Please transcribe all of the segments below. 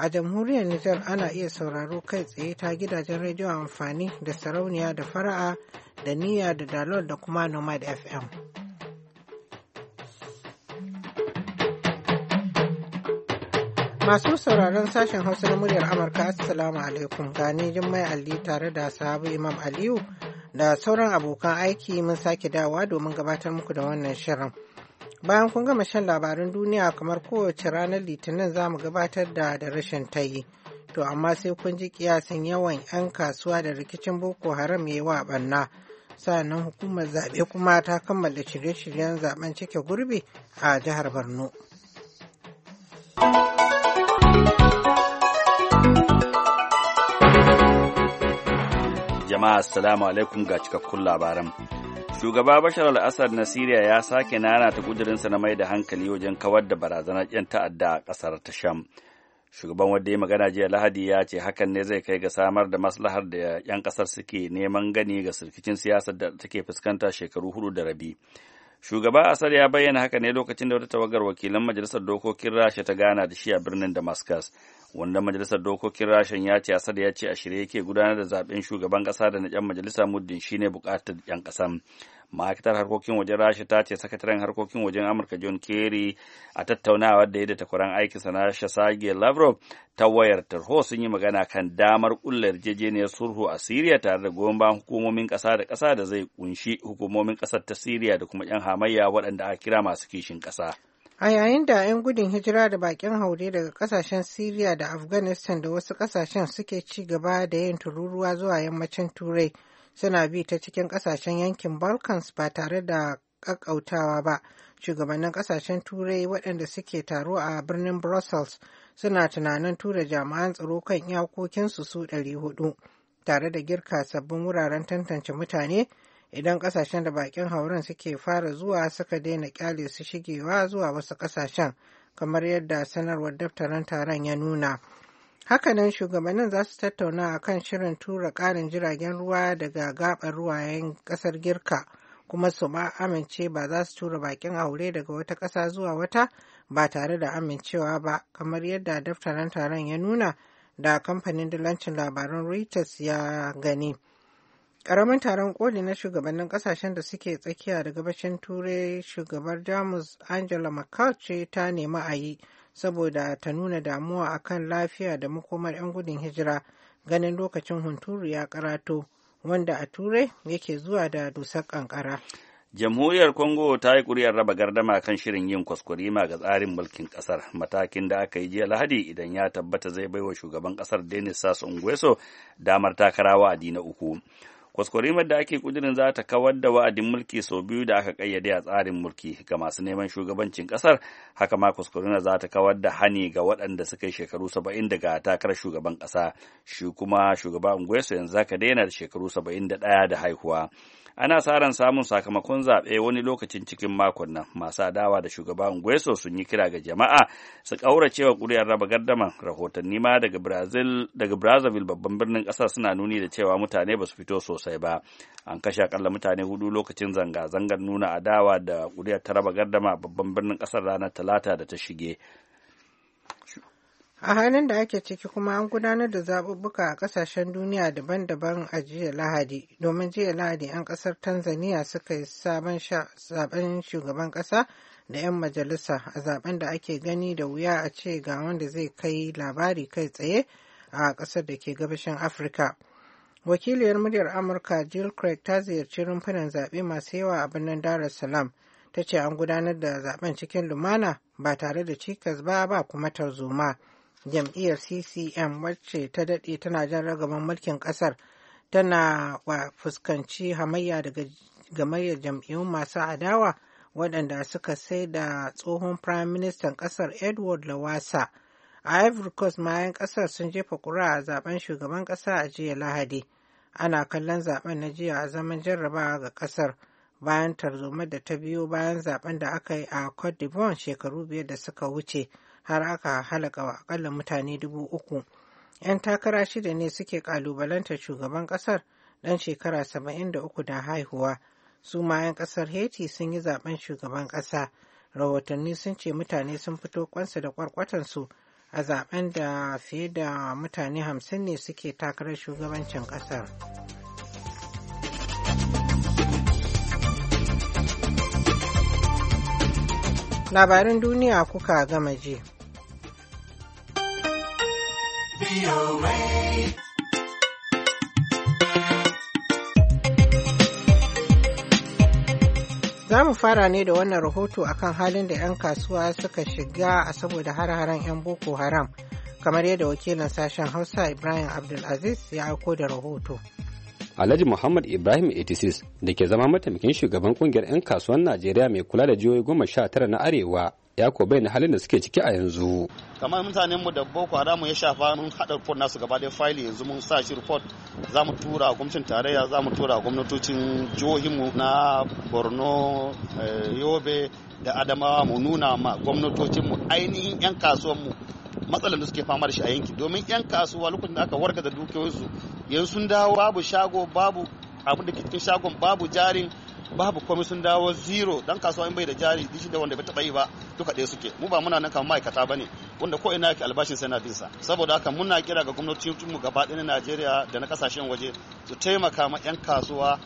a jamhuriyar Nijar ana iya sauraro kai tsaye ta gidajen rediyo amfani da sarauniya da fara'a da niyya da dalol da kuma nomad fm masu sauraron sashen hausa na muryar amurka assalamu alaikum gani jummai ali tare da sahabu imam aliyu da sauran abokan aiki mun sake dawa domin gabatar muku da wannan shirin. Bayan kun gama shan labarin duniya kamar kowace ranar Litinin za mu gabatar da da rashin yi, To amma sai kun ji kiyasin yawan 'yan kasuwa da rikicin Boko Haram ya yi wa ɓanna. Sannan hukumar zaɓe kuma ta kammala shirye-shiryen zaben cike gurbi a jihar Borno. Jama'a assalamu alaikum ga cikakkun labaran. Shugaba Bashar al-Assad na Siriya ya sake nana ta kudurinsa na mai da hankali wajen kawar da barazanar 'yan ta'adda a kasar ta Sham. Shugaban wanda ya magana jiya Lahadi ya ce hakan ne zai kai ga samar da maslahar da 'yan kasar suke neman gani ga sirkicin siyasar da take fuskanta shekaru hudu da rabi. Shugaba Assad ya bayyana haka ne lokacin da wata tawagar wakilan Majalisar Dokokin Rasha ta gana da shi a birnin Damascus. wanda majalisar dokokin rashin ya ce asar ya ce a shirye yake gudanar da zaben shugaban kasa da na yan majalisa muddin shine bukatar yan kasan ma'aikatar harkokin wajen rasha ta ce sakataren harkokin wajen amurka john kerry a tattaunawa da ya da takwaran aikinsa na shasage lavrov ta wayar tarho sun yi magana kan damar kulla yarjejeniyar sulhu a siriya tare da goyon bayan hukumomin kasa da kasa da zai kunshi hukumomin kasar ta siriya da kuma yan hamayya waɗanda a kira masu kishin kasa A yayin da 'yan gudun hijira da bakin haure daga kasashen Siriya da Afghanistan da wasu kasashen suke ci gaba da yin tururuwa zuwa yammacin Turai suna bi ta cikin kasashen yankin Balkans ba tare da ƙaƙƙautawa ba. Shugabannin kasashen Turai waɗanda suke taro a birnin Brussels suna tunanin tura jami'an tsaro kan iyakokinsu su 400 tare da girka sabbin wuraren tantance mutane idan kasashen da bakin hauren suke fara zuwa suka daina kyale su shigewa zuwa wasu kasashen kamar yadda sanarwar daftarin taron ya nuna hakanan shugabannin za su tattauna a kan shirin tura karin jiragen ruwa daga gabar ruwayen kasar girka kuma su ma amince ba za su tura bakin aure daga wata ƙasa zuwa wata ba tare da amincewa ba kamar yadda daftarin taron ya nuna da kamfanin dalancin labaran reuters ya gani. Ƙaramin taron koli na shugabannin ƙasashen da suke tsakiya da gabashin Turai shugabar Jamus Angela Merkel ce ta nemi a yi saboda ta nuna damuwa akan lafiya da makomar 'yan gudun hijira ganin lokacin hunturu ya karato wanda a Turai yake zuwa da dusar ƙanƙara. Jamhuriyar Congo ta yi ƙuri'ar raba gardama kan shirin yin kwaskwarima ga tsarin mulkin ƙasar, matakin da aka yi jiya Lahadi idan ya tabbata zai baiwa shugaban ƙasar Denis Sassou Nguesso damar takarawa a dina uku. kwaskwarimar da ake kudirin za ta kawar da wa'adin mulki sau biyu da aka kayyade a tsarin mulki ga masu neman shugabancin kasar haka ma kwaskwarimar za ta kawar da hani ga waɗanda suka yi shekaru saba'in daga takarar shugaban ƙasa shi kuma shugaban unguwesu yanzu zaka daina da shekaru saba'in da ɗaya da haihuwa ana sa ran samun sakamakon zaɓe wani lokacin cikin makon nan masu adawa da shugaba ungueso sun yi kira ga jama'a su ƙauracewa ƙuri'ar raba gardama rahotanni ma daga Brazil daga Brazzaville babban birnin ƙasa suna nuni da cewa mutane ba su fito sosai ba an kashe akalla mutane hudu lokacin zanga-zangar nuna adawa da ƙuri'ar ta raba gardama babban birnin ƙasar ranar talata da ta shige a halin da ake ciki kuma an gudanar da zaɓuɓɓuka a ƙasashen duniya daban-daban a jiya lahadi domin jiya lahadi 'yan ƙasar tanzania suka yi sabon zaben shugaban ƙasa da 'yan majalisa a zaben da ake gani da wuya a ce ga wanda zai kai labari kai tsaye a ƙasar da ke gabashin afirka wakiliyar muryar amurka jill craig ta ziyarci rumfunan zaɓe masu yawa a birnin dar es salaam ta ce an gudanar da zaben cikin lumana ba tare da cikas ba ba kuma tarzoma. jam'iyyar ccm wacce ta daɗe tana jan ragaban mulkin ƙasar tana fuskanci hamayya daga gamayyar jam'iyyun masu adawa waɗanda suka sai da tsohon prime ministan ƙasar edward lawasa a ivory coast mayan ƙasar sun jefa ƙuri'a a zaben shugaban ƙasa a jiya lahadi ana kallon zaben na jiya a zaman jarrabawa ga ƙasar bayan tarzoma da ta biyo bayan zaben da aka yi a cote d'ivoire shekaru biyar da suka wuce har aka halaka wa akalla mutane dubu uku. 'Yan takara shida ne suke kalubalanta shugaban kasar dan shekara saba'in da uku da haihuwa. Su ma 'yan kasar Haiti sun yi zaben shugaban ƙasa. Rahotanni sun ce mutane sun fito kwansu da kwarkwatansu a zaben da fiye da mutane hamsin ne suke takarar shugabancin ƙasar. labaran duniya kuka gama je. Za mu fara ne da wannan rahoto akan halin da 'yan kasuwa suka shiga a saboda har-haren 'yan Boko Haram, kamar yadda wakilin sashen Hausa Ibrahim Abdulaziz ya aiko da rahoto. Alhaji Muhammad Ibrahim 86 da ke zama mataimakin shugaban kungiyar 'yan kasuwan Najeriya mai kula da jihohi goma sha tara na Arewa ya ko bayyana halin da suke ciki a yanzu. Kamar mutanen mu da Boko Haram ya shafa mun hada report nasu gaba da file yanzu mun sa shi report za mu tura gwamnatin tarayya za mu tura gwamnatocin jihohin mu na Borno, eh, Yobe da Adamawa mu nuna ma gwamnatocin mu ainihin 'yan kasuwan mu matsalar da suke fama da shi a yanki domin 'yan kasuwa lokacin da aka warga da dukiyoyinsu yanzu sun dawo babu shago babu abin da ke cikin shagon babu jarin babu komai sun dawo zero dan kasuwa in bai da jari dishi da wanda bai taba yi ba duka ɗaya suke mu ba muna nan kamar ma'aikata bane wanda ko ina yake albashin sai na bin sa saboda haka muna kira ga gwamnatocin mu gaba ɗaya na Najeriya da na kasashen waje su taimaka ma 'yan kasuwa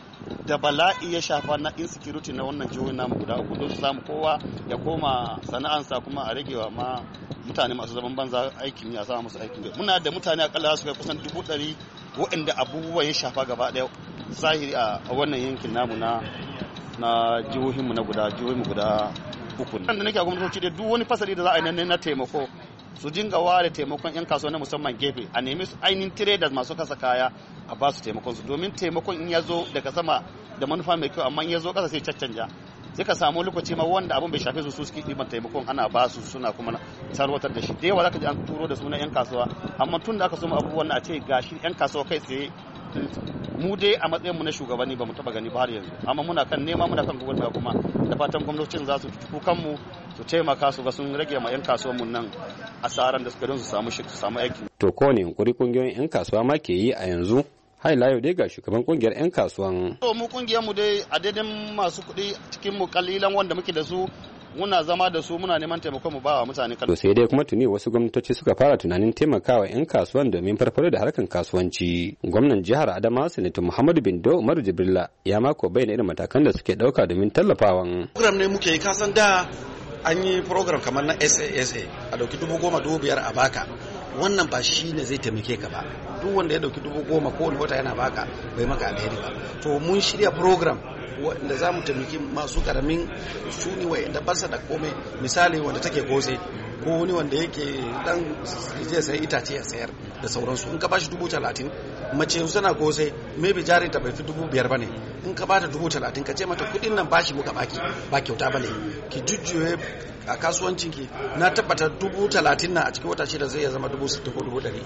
da bala'i ya shafa na insecurity na wannan jihohin namu guda uku don su samu kowa ya koma sana'ansa kuma a ragewa ma mutane masu zaman banza aikin ya samu musu aikin muna da mutane a su kai kusan dubu ɗari waɗanda abubuwa ya shafa gaba ɗaya zahiri a wannan yankin namu na na jihohinmu na guda jihohinmu guda uku ne. da nake a gwamnatoci da duk wani fasali da za a yi na taimako su dinga ware taimakon 'yan kasuwa na musamman gefe a nemi su ainihin traders masu kasa kaya a ba su taimakon su domin taimakon in ya zo daga sama da manufa mai kyau amma in ya zo kasa sai caccanja sai ka samu lokaci ma wanda abin bai shafe su su suke ɗiban taimakon ana ba su suna kuma sarwatar da shi da yawa za ka ji an turo da suna yan kasuwa amma tun da aka soma abubuwan a ce gashi yan kasuwa kai tsaye mu dai a matsayin mu na shugabanni ba mu taba gani ba har yanzu amma muna kan nema muna kan gwamnati kuma da fatan gwamnatin za su kukan mu su taimaka su ga sun rage ma 'yan kasuwar mu nan asaran da suka don su samu su samu aiki to ko ne yunkuri kungiyoyin 'yan kasuwa ma ke yi a yanzu hai layo dai ga shugaban kungiyar 'yan kasuwan to mu kungiyar mu dai a daidai masu kuɗi cikin mu kalilan wanda muke da su muna zama da su muna neman taimakon mu bawa mutane kan. sai dai kuma tuni wasu gwamnatoci suka fara tunanin taimakawa 'yan kasuwan domin farfado da harkan kasuwanci. Gwamnan jihar Adamawa Sanatu Muhammadu Bindo Umaru Jibrila ya mako bayyana irin matakan da suke ɗauka domin tallafawa Program ne muke yi kasan da an yi program kamar na SASA a dauki dubu goma dubu biyar a baka wannan ba shi ne zai taimake ka ba duk wanda ya dauki dubu goma ko wani wata yana baka bai maka alheri ba to mun shirya program wanda za mu taimaki masu karamin su ne inda basa da komai misali wanda take gose ko wani wanda yake dan zai sai itace ya sayar da sauransu in ka bashi dubu talatin mace yanzu tana ko sai maybe jarin ta bai fi dubu biyar bane in ka bata dubu talatin ka ce mata kudin nan bashi muka baki ba kyauta bane ki jujjuye a kasuwancin ki na tabbata dubu talatin na a cikin wata shida zai zama dubu sittin ko dubu dari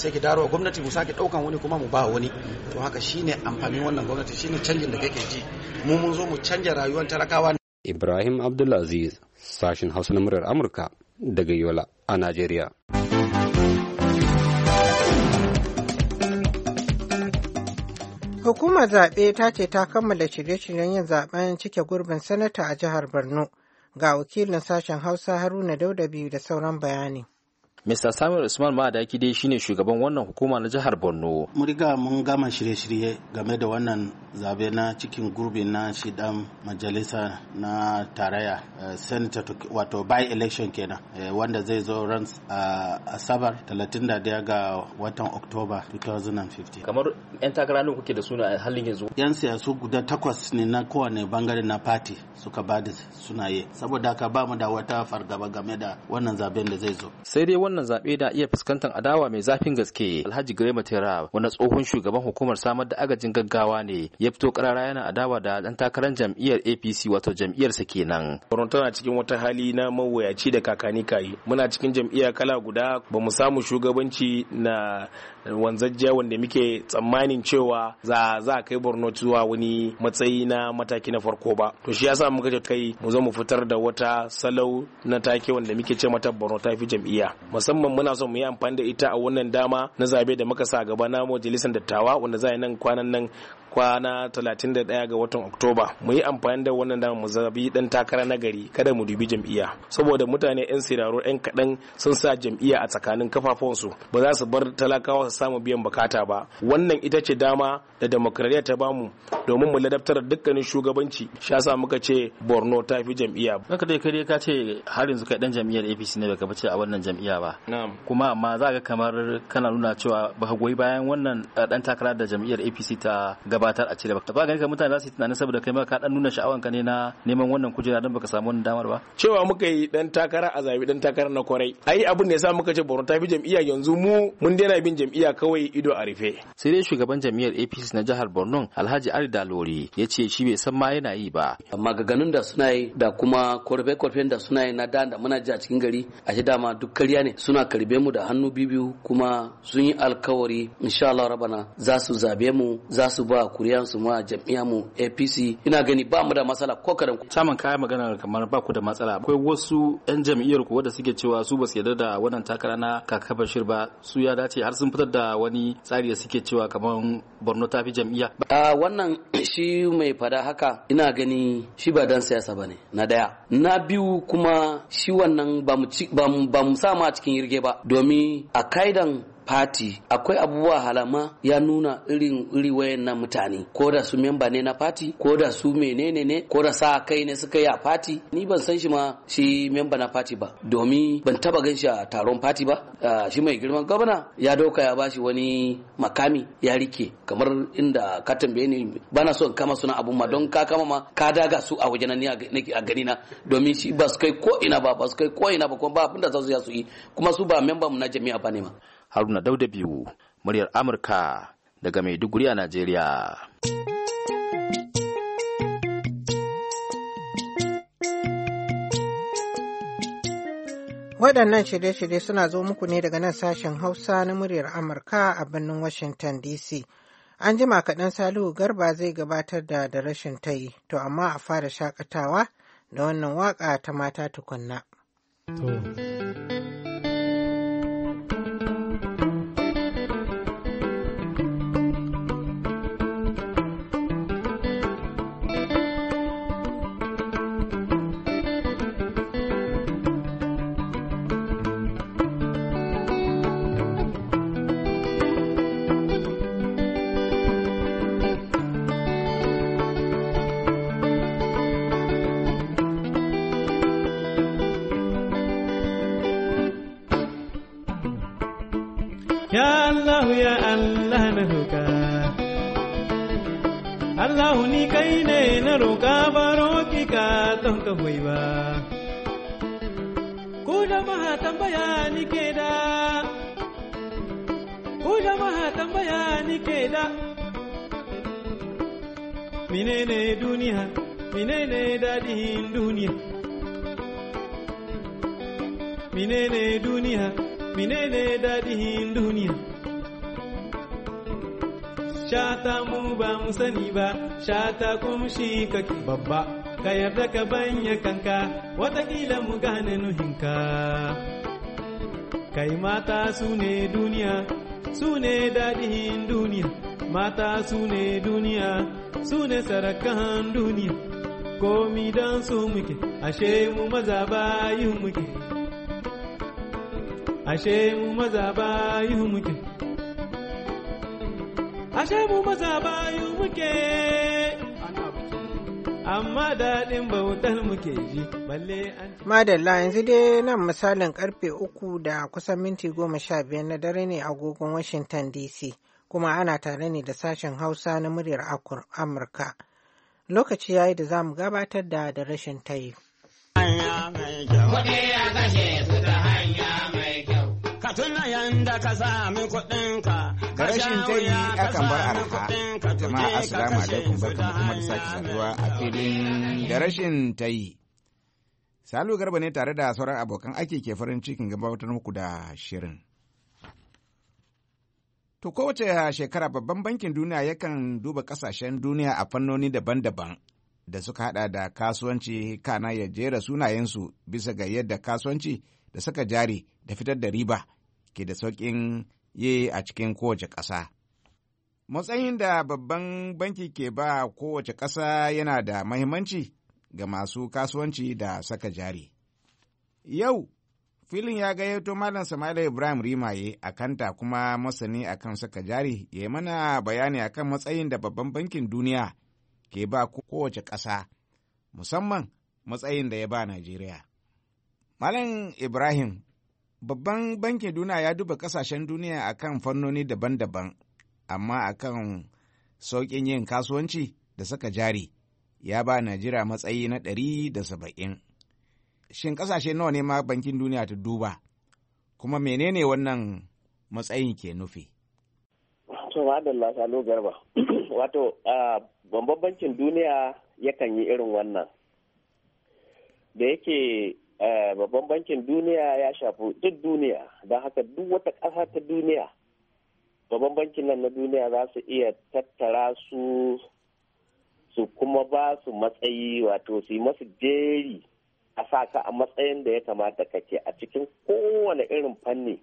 sai ki daro gwamnati mu sake daukan wani kuma mu ba wani to haka shine amfanin wannan gwamnati shine canjin da kake ji mu mun zo mu canja rayuwar talakawa Ibrahim Abdulaziz sashin Hausa na murar Amurka daga Yola a Najeriya. Hukumar zaɓe ta ce ta kammala shirye-shiryen yin zaɓen cike gurbin sanata a jihar Borno ga wakilin sashen Hausa Haruna dauda biyu da sauran bayani. Mr. Samuel Usman Madaki dai shine shugaban wannan hukuma na jihar Borno. Mun riga mun gama shirye-shirye game da wannan zabe na cikin gurbi na shidan majalisa na tarayya eh, senator wato by election kenan eh, wanda zai zo ran asabar 31 ga watan Oktoba 2015. Kamar 'yan takara ne kuke da suna a halin yanzu? 'Yan siyasu guda takwas ne na kowane bangare na party suka ba da sunaye saboda haka ba mu da wata fargaba game da wannan zaben da zai zo. Sai dai wannan wannan zaɓe na iya fuskantar adawa mai zafin gaske alhaji grema tera wani tsohon shugaban hukumar samar da agajin gaggawa ne ya fito karara yana adawa da ɗan takarar jam'iyyar apc wato jam'iyyarsa kenan borno tana cikin wata hali na mawuyaci da kakani kayi muna cikin jam'iyya kala guda ba mu samu shugabanci na wanzajjiya wanda muke tsammanin cewa za za kai borno zuwa wani matsayi na mataki na farko ba to shi yasa muka ce kai mu zo mu fitar da wata salau na take wanda muke ce mata borno ta fi jam'iyya musamman muna son mu yi amfani da ita a wannan dama na zabe da muka sa gaba na majalisar dattawa wanda za nan kwanan nan kwana 31 ga watan oktoba mu yi amfani da wannan dama mu zabi dan takara na gari kada mu dubi jam'iyya saboda mutane yan siraro yan kaɗan sun sa jam'iyya a tsakanin su ba za su bar talakawa su samu biyan bukata ba wannan ita ce dama da demokradiyya ta bamu domin mu ladabtar dukkanin shugabanci shasa muka ce borno ta fi jam'iyya ka dai kai ka ce har yanzu kai dan jam'iyyar apc ne baka bace a wannan jam'iyya ba kuma amma za ga kamar kana nuna cewa baka goyi bayan wannan dan eh, takara da jam'iyyar apc ta gabatar a cire ba ba ganin ka mutane za su yi tunanin saboda kai ma ka dan nuna sha'awan ka ne na neman wannan kujera don baka samu wannan damar ba cewa muka yi dan takara a zabi dan takara na kwarai ai abin da sa muka ce Borno ta fi jam'iyya yanzu mu mun daina bin jam'iyya kawai ido a rufe sai dai shugaban jam'iyyar APC na jihar Borno Alhaji Ali Dalori ya ce shi bai san ma yana yi ba ganin da suna yi da kuma korfe-korfen da suna yi na da da muna ji a cikin gari a shi dama duk karya ne suna karbe mu da hannu bibiyu kuma sun yi alkawari insha Allah rabana za su zabe mu za su ba kuriyan su ma jam'iyyar mu APC ina gani ba mu da matsala ko kadan saman kaya magana kamar ba ku da matsala akwai wasu yan jam'iyyar ku wanda suke cewa su ba su yarda da wannan takara na kaka Bashir ba su ya dace har sun fitar da wani tsari da suke cewa kamar Borno ta fi jam'iyya a wannan shi mai fada haka ina gani shi ba dan siyasa bane na daya na biyu kuma shi wannan ba mu ba mu sa cikin yirge ba domin a kaidan fati akwai abubuwa halama ya nuna irin iri wayannan mutane ko da su memba ne na fati ko da su menene ne ko da sa kai ne suka yi a fati ni ban san shi ma shi memba na fati ba domin ban taba gan shi a taron fati ba shi mai girman gwamna ya dauka ya bashi wani makami ya rike kamar inda ka tambaye ni bana son kama suna abun ma don ka kama ma ka daga su a wajen ni a gani na domin shi ba su kai ko ina ba ba su kai ko ina ba kuma ba abin da za su yi kuma su ba memba mu na jami'a ba ne ma haruna dauda biyu muryar amurka daga maiduguri a najeriya waɗannan shirye-shirye suna zo muku ne daga nan sashen hausa na muryar amurka a birnin washington dc an jima kaɗan salihu garba zai gabatar da da rashin ta yi to amma a fara shakatawa da wannan waka ta mata tukunna. Ya Allah ya Allah na roka Allah ni kai ne na roka baro ki ka don ka hoyi ba Ku jama'a tambaya ni ke da Ku jama'a tambaya ni ke da Menene duniya menene dadin duniya Menene duniya menene dadihin duniya shata mu ba mu sani ba shata kumshi kake babba ka yarda ka banya kanka watakila mu gane nuhinka kai mata su ne duniya su ne dadihin duniya mata su ne duniya su ne sarakan duniya komi don su muke ashe mu maza bayin muke ashe mu maza bayu muke ashe mu maza bayu muke amma daɗin bautar muke ji balle an madalla yanzu dai nan misalin karfe uku da kusan minti goma sha biyar na dare ne agogon washington dc kuma ana tare ne da sashen hausa na muryar amurka lokaci yayi da za mu gabatar da da rashin tayi. Kuɗi a kashe su Da ka sami kuɗinka. Rashin tayi akan bar arha. Jama'a assalamu alaikum barkamu kuma da sake saduwa a filin da rashin tayi. Salu Garba ne tare da sauran abokan ake ke farin cikin gabatar muku da shirin. To kowace shekara babban bankin duniya yakan duba kasashen duniya a fannoni daban-daban da suka hada da kasuwanci kana ya jera sunayensu bisa ga yadda kasuwanci da suka jari da fitar da riba ke da sauƙin yi a cikin kowace ƙasa. Matsayin da babban banki ke ba kowace ƙasa yana da mahimmanci ga masu kasuwanci da saka jari. Yau, filin ya gayyato Malam Sama'ila Ibrahim Rimaye a kanta kuma masani akan saka jari ya yi mana bayani akan matsayin da babban bankin duniya ke ba kowace ƙasa, musamman matsayin da ya ba Najeriya. Malam Ibrahim Babban bankin duniya ya duba kasashen duniya a kan fannoni daban-daban, amma a kan sauƙin yin kasuwanci da saka jari ya ba Najeriya matsayi na ɗari da saba'in. Shin kasashe nawa ne ma bankin duniya ta duba, kuma menene wannan matsayin ke nufi? Wato, babban bankin duniya yakan yi irin wannan. Da yake Eh, babban bankin duniya ya shafi duk duniya don haka duk wata ƙasa ta duniya babban bankin nan na duniya za su iya tattara su su kuma ba su matsayi wato su yi masu jeri a sa ka a matsayin da ya kamata kake a cikin kowane irin fanni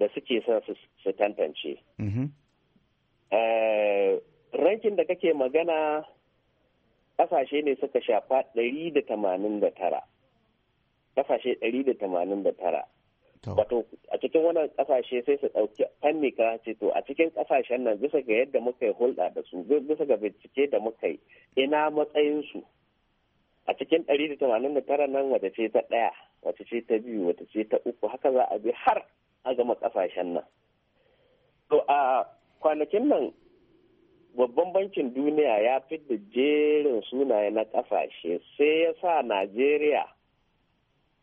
da suke son su tantance. Mm-hmm. Eh, rankin da kake magana ƙasashe ne suka shafa ɗari da tamanin da tara. kasashe 189 wato a cikin wannan kasashe sai su ɗauki fanni ka ce to a cikin kasashen nan bisa ga yadda muka yi hulɗa da su bisa ga bincike da muka yi ina matsayinsu a cikin 189 nan wata ce ta ɗaya wata ce ta biyu wata ce ta uku haka za a bi har a gama kasashen nan to a kwanakin nan babban bankin duniya ya da jerin sunaye na kasashe sai ya sa najeriya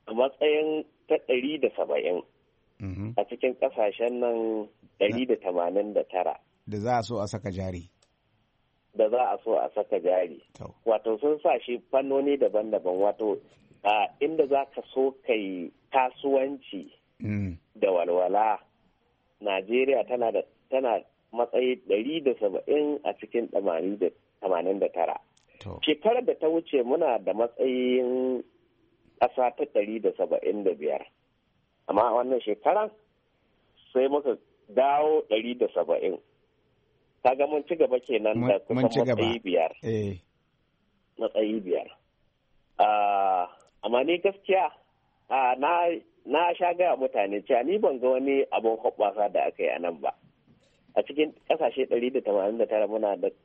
a matsayin ta ɗari da saba'in mhm. a cikin ƙasashen nan ɗari da tamanin da tara. Da za a so a saka jari. Da za a so a saka jari. Wato sun sa shi fannoni daban-daban wato a inda za ka so kai kasuwanci mm. da walwala. Najeriya tana da tana matsayi ɗari da saba'in a cikin tamanin da tara. Shekarar da ta wuce muna da matsayin ƙasa ta ɗari da saba'in da biyar amma a wannan shekaran sai muka dawo ɗari da saba'in kaga mun ci gaba kenan da kusan matsayi biyar eh. matsayi biyar ah, amma ni gaskiya na sha gaya mutane cewa ni ban ga wani abin hoɓɓasa da aka yi a nan ba a cikin ƙasashe ɗari da tamanin da tara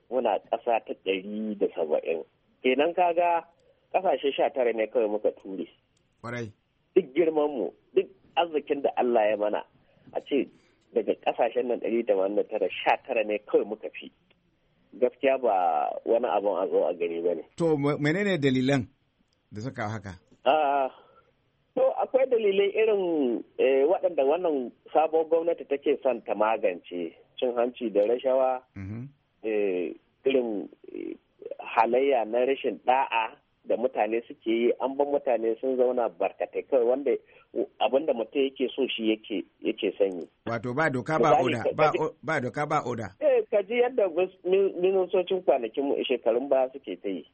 muna ƙasa ta ɗari da saba'in kenan kaga kasashe sha tara ne kawai muka ture kwarai duk girman mu duk arzikin da Allah ya mana a ce daga kasashen nan ɗari da tara sha tara ne kawai muka fi gaskiya ba wani abin a zo a gani ba ne. To menene dalilan da suka haka? To akwai dalilai irin eh, waɗanda wannan sabon gwamnati take son ta magance cin hanci da rashawa mm-hmm. eh, irin eh, halayya na rashin ɗa'a da mutane suke yi an ban mutane sun zauna barkatai kawai wanda da mutum yake so shi yake sanyi wato ba doka ba oda ba doka ba oda eh kaji yadda ministocin kwanakin shekarun ba suke ta yi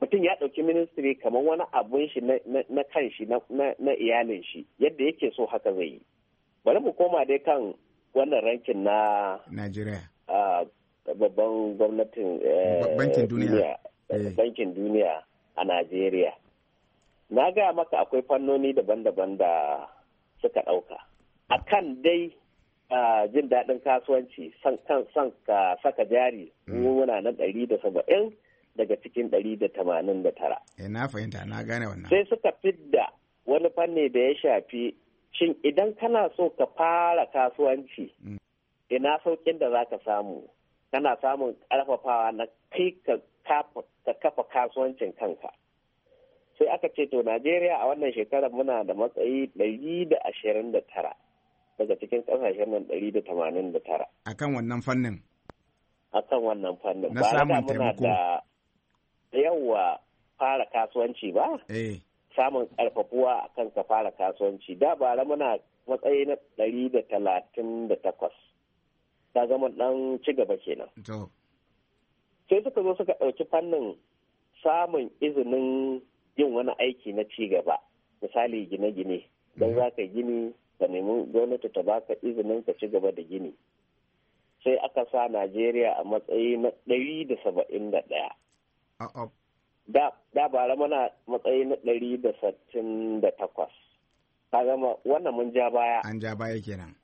mutum ya ɗauki ministry kamar wani abun shi na kan shi na iyalin shi yadda yake so haka zai yi bari mu koma dai kan wannan rankin na najeriya ah, babban gwamnatin eh, bankin duniya daga eh. bankin duniya a Najeriya. Na gaya maka akwai fannoni daban-daban da suka ɗauka. A kan dai jin daɗin kasuwanci son ka saka jari hmm. muna na ɗari da saba'in daga cikin ɗari da tamanin da tara. Eh, na fahimta na gane wannan. Sai suka fidda wani fanni da ya shafi shin idan kana so ka fara kasuwanci hmm. ina saukin da za ka samu kana samun ƙarfafawa na kai ka ka kafa kasuwancin kanka sai aka ce to najeriya a wannan shekarar muna da matsayi ɗari da da ashirin tara daga cikin ƙasashen nan tara. a kan wannan fannin a kan wannan fannin na samun taimako da yawa fara kasuwanci ba eh. samun ƙarfafuwa a kan ka fara kasuwanci da bara muna matsayi na ɗari da da talatin takwas ta zama ɗan ci gaba kenan sai suka zo suka ɗauki fannin samun izinin yin wani aiki na ci gaba misali gine-gine don za ka gini ka nemi gwamnati ta baka izinin ka ci gaba da gini sai aka sa najeriya a matsayi na ɗari da saba'in da ɗaya da bara mana matsayi na ɗari da sattin da takwas ka gama wannan mun ja baya an ja baya kenan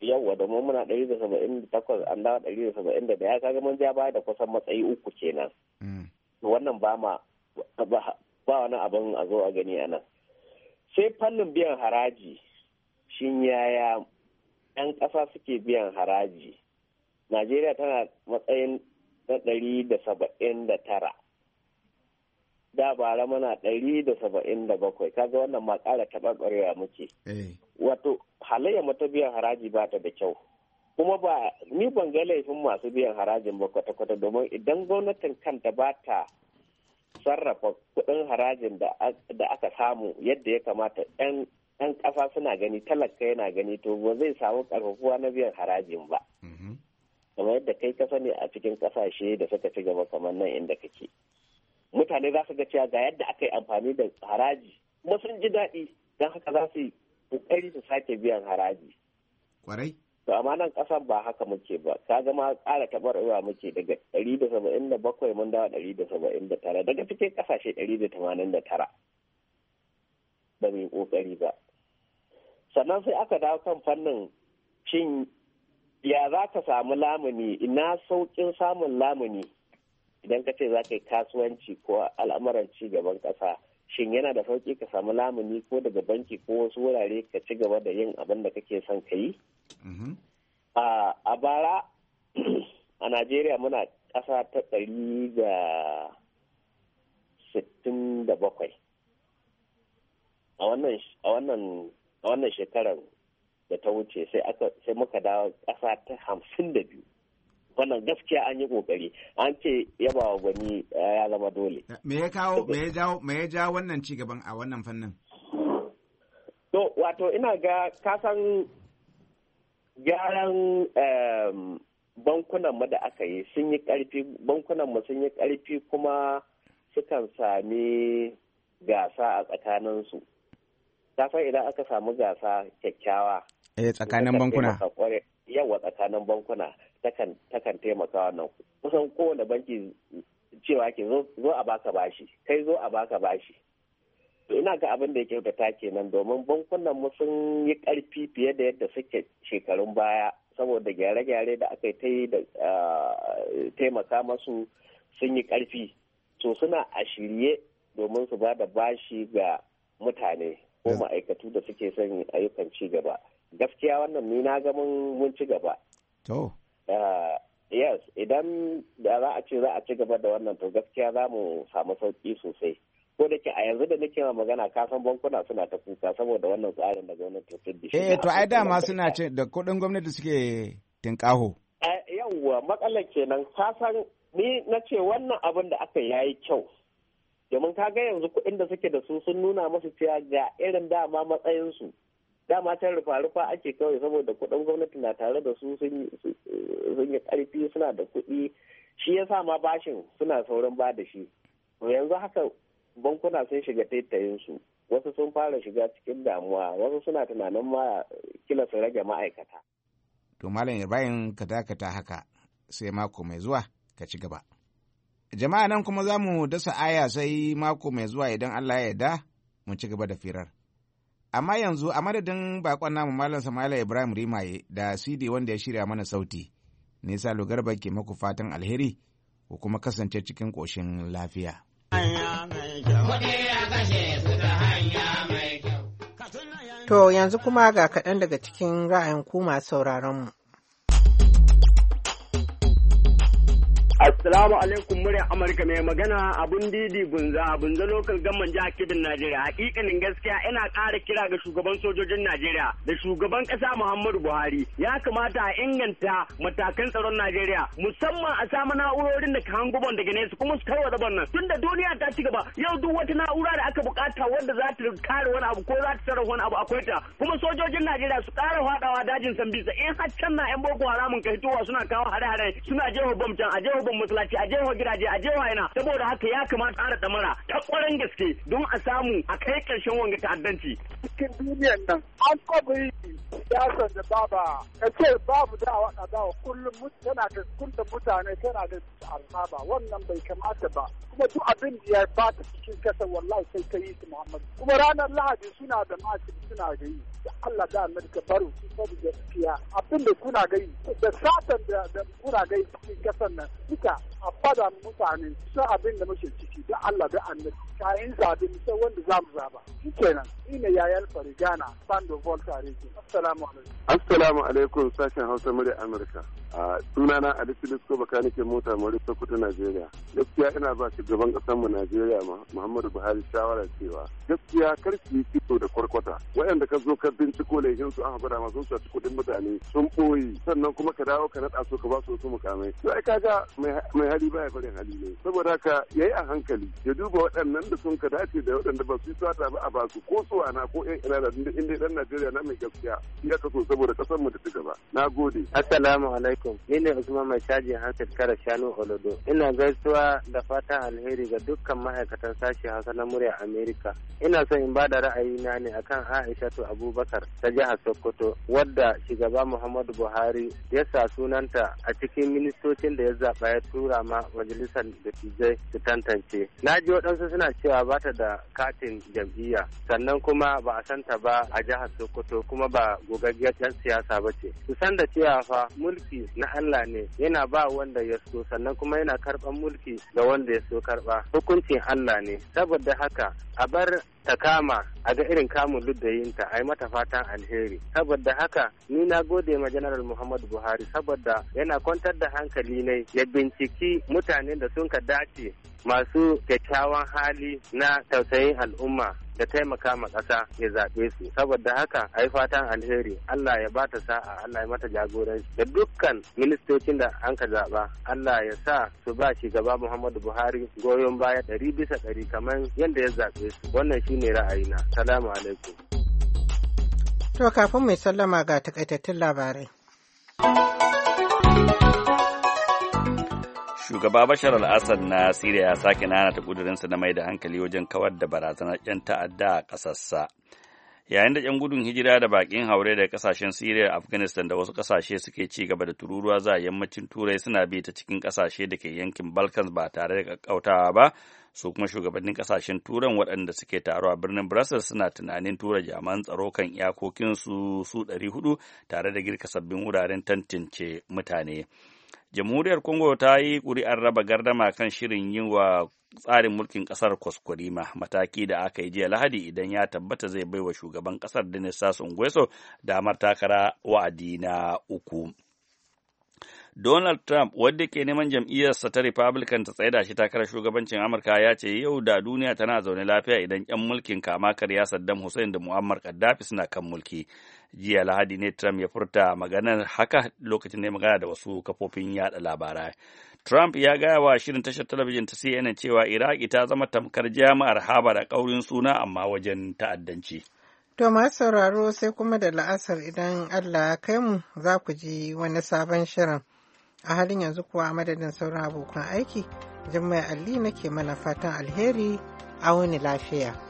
yawa da mummuna muna ɗari da saba'in da takwas an dawa ɗari da saba'in da kaga mun ja baya da kusan matsayi uku kenan mm. wannan ba ma ba wani abin a zo a gani a nan sai fannin biyan haraji shi yaya 'yan ƙasa suke biyan haraji najeriya tana matsayin na ɗari da saba'in da tara da bara mana ɗari da saba'in da bakwai kaga wannan ma ƙara taɓa muke eh. wato halayya mata biyan haraji ba ta da kyau kuma ba ni ban ga laifin masu biyan harajin ba kwata-kwata domin idan gwamnatin kanta ba ta sarrafa kuɗin harajin da aka samu yadda ya kamata 'yan ƙasa suna gani talaka yana gani to ba zai samu ƙarfafuwa na biyan harajin ba mm-hmm. kamar yadda kai kasa ne a cikin ƙasashe da suka ci gaba kamar nan inda kake mutane za su ga cewa ga yadda aka yi amfani da haraji kuma sun ji daɗi don haka za su kokari su sake biyan haraji kwarai to amma nan kasan ba haka muke ba ka zama ƙara ruwa muke daga ɗari mun dawa ɗari daga cikin ƙasashe ɗari da ba mu yi ƙoƙari ba sannan sai aka dawo kan fannin cin ya za ka samu lamuni ina sauƙin samun lamuni idan ka ce za ka yi kasuwanci ko al'amuran ci gaban ƙasa shin yana da sauƙi ka samu lamuni ko daga banki ko wasu wurare ka ci gaba da yin abin da kake son ka yi mm-hmm. a bara a najeriya muna ƙasa ta ɗari da sittin da bakwai a wannan shekarar da ta wuce sai muka dawo ƙasa ta hamsin da biyu wannan gaskiya an yi kokari an ce yaba wa gwani eh, ya zama dole me ya kawo me ya jawo me ya jawo wannan ci gaban a wannan fannin to wato ina ga kasan gyaran bankunan mu da aka yi sun yi karfi bankunan mu sun yi karfi kuma sukan sami gasa a tsakaninsu kasan idan aka samu gasa kyakkyawa eh tsakanin bankuna yawa tsakanin bankuna takan takan taimaka wannan kusan kowane banki cewa ke zo a baka bashi kai zo a baka bashi to ina ga abin da ya kyautata kenan domin bankunan mu sun yi karfi fiye da yadda suke shekarun baya saboda gyare-gyare da aka yi da ah, taimaka masu sun yi karfi to suna a shirye domin su ba da bashi ga mutane ko ma'aikatu da suke son ayyukan ci gaba gaskiya wannan ni na ga mun ci gaba yes idan da za a ce za a ci gaba da wannan to gaskiya za mu samu sauki sosai ko da ke a yanzu da nake ma magana kasan bankuna suna ta kuka saboda wannan tsarin da gwamnati ta da eh to ai dama suna ce da kudin gwamnati suke tinkaho eh, yawwa matsalar kenan kasan ni na ce wannan abin da aka yayi kyau domin ka ga yanzu kuɗin da suke da su sun nuna masu cewa ga irin dama matsayin su dama can rufa-rufa ake kawai saboda kuɗin gwamnati na tare da su sun yi karfi suna da kuɗi shi ya sa ma bashin suna saurin ba da shi to yanzu haka bankuna sun shiga taitayinsu wasu sun fara shiga cikin damuwa wasu suna tunanin ma kila su rage ma'aikata. to malam ya bayan ka dakata haka sai mako mai zuwa ka ci gaba. jama'a nan kuma za mu dasa aya sai mako mai zuwa idan allah ya yarda mu ci gaba da firar. amma yanzu a madadin bakon namu malam sama'ila ibrahim rimaye da cd wanda ya shirya mana sauti nisa lugarba ke maku fatan alheri ko kuma kasance cikin ƙoshin lafiya To yanzu kuma ga kaɗan daga cikin ra'ayin ku masu sauraronmu. Assalamu alaikum murya Amurka mai magana abun didi bunza bunza lokal gamman jihar Kebin Najeriya. Hakikanin gaskiya ina ƙara kira ga shugaban sojojin Najeriya da shugaban ƙasa Muhammadu Buhari. Ya kamata a inganta matakan tsaron Najeriya musamman a samu na'urorin da kan hangubon daga nesa kuma su tarwatsa tun da duniya ta ci gaba yau duk wata na'ura da aka bukata wanda za ta kare wani abu ko za ta tsara wani abu akwai ta. Kuma sojojin Najeriya su ƙara faɗawa dajin Sambisa in har can na 'yan Boko Haramun kai suna kawo hare-hare suna jefa bom can a jefa gefen masallaci a jewa gidaje a jewa ina saboda haka ya kamata ƙara damara ta ƙwarin gaske don a samu a kai ƙarshen wanga ta'addanci. Cikin duniyan nan an kwaba yi siyasar da baba ka ce babu dawa a wa kullum tana da kullum mutane tana da al'aba wannan bai kamata ba kuma duk abin da ya bata cikin kasa wallahi sai ka yi su Muhammadu kuma ranar Lahadi suna da mashi suna da yi da Allah da Amerika baro su saboda gaskiya abin da kuna gani da satan da kuna gani cikin kasan nan duka a fada mutane sa abin da muke ciki da Allah da annabi kayan zabe sai wanda za mu zaba shikenan ina yayal farigana sando volta rege assalamu alaikum assalamu alaikum sashen hausa murya amurka a sunana ali filisko baka nake mota mori sokoto najeriya gaskiya ina ba shugaban kasar mu najeriya muhammadu buhari shawara cewa gaskiya kar ki yi fito da kwarkwata wayanda ka zo ka binciko laifin su an haɓura ma su a kuɗin mutane sun ɓoyi sannan kuma ka dawo ka naɗa su ka ba su wasu mukamai sai ka ga mai hali baya hali ne saboda haka ya yi a hankali ya duba waɗannan da sun ka dace da waɗanda ba su yi ba a ba su ko su ana ko ƴan ina da inda ɗan Najeriya na mai gaskiya ya kaso saboda ƙasar mu ta ci gaba na gode assalamu alaikum ni ne Usman mai caji hankali kara shanu Olodo ina gaisuwa da fatan alheri ga dukkan ma'aikatan sashen Hausa na murya Amerika ina son in bada ra'ayi na ne akan Aishatu Abubakar ta jihar Sokoto wadda shugaba Muhammadu Buhari ya sa sunanta a cikin ministocin da ya zaɓa ya ya tura ma majalisar dattijai su tantance na ji waɗansu suna cewa ba ta da katin jam'iyya sannan kuma ba a santa ba a jihar sokoto kuma ba gogaggiyar yan siyasa ba ce su san da cewa fa mulki na allah ne yana ba wanda ya so sannan kuma yana karɓan mulki ga wanda ya so karɓa hukuncin allah ne saboda haka a bar ta kama a ga irin kamun luddayinta a yi mata fatan alheri saboda haka ni na gode ma general muhammadu buhari saboda yana kwantar da hankali ne ya binciki mutanen da sun ka dace masu kyakkyawan hali na tausayin al'umma ta taimaka ma ƙasa ya zaɓe su saboda haka a yi fatan alheri Allah ya ba ta sa'a Allah ya mata jagoranci da dukkan ministocin da an ka zaɓa Allah ya sa su ba gaba Muhammadu Buhari goyon baya ɗari bisa ɗari kamar yadda ya zaɓe su wannan shine ra'ayina salamu alaikum. To kafin mai sallama ga takaitattun labarai. shugaba bashar al-assad na siriya ya sake nana ta kudurinsa na mai da hankali wajen kawar da barazanar 'yan ta'adda a ƙasarsa yayin da 'yan gudun hijira da bakin haure daga kasashen siriya afghanistan da wasu kasashe suke ci gaba da tururuwa za yammacin turai suna bi ta cikin kasashe da ke yankin balkans ba tare da kakkautawa ba su kuma shugabannin kasashen turan waɗanda suke taro a birnin brussels suna tunanin tura jaman tsaro kan iyakokinsu su 400 tare da girka sabbin wuraren tantance mutane jamhuriyar congo ta yi ƙuri'ar raba gardama kan shirin yin wa tsarin mulkin ƙasar kwaskwarima mataki da aka yi jiya lahadi idan ya tabbata zai baiwa shugaban ƙasar denis sassou nguesso damar takara wa'adi na uku Donald Trump wadda ke neman jam'iyyarsa ta Republican ta tsaida shi takarar shugabancin Amurka ya ce yau da duniya tana zaune lafiya idan 'yan mulkin kama karya Saddam Hussein da Muammar Gaddafi suna kan mulki. jiya lahadi ne trump ya furta maganar haka lokacin da ya magana da wasu kafofin yada labarai Trump ya gaya wa shirin tashar talabijin ta CNN cewa Iraki ta zama tamkar jami'ar haba da ƙaurin suna amma wajen ta'addanci. To masu sauraro sai kuma da la'asar idan Allah ya kai mu za ku ji wani sabon shirin. A halin yanzu kuwa a madadin sauran abokan aiki, jimma'i Ali nake mana fatan alheri a wani lafiya.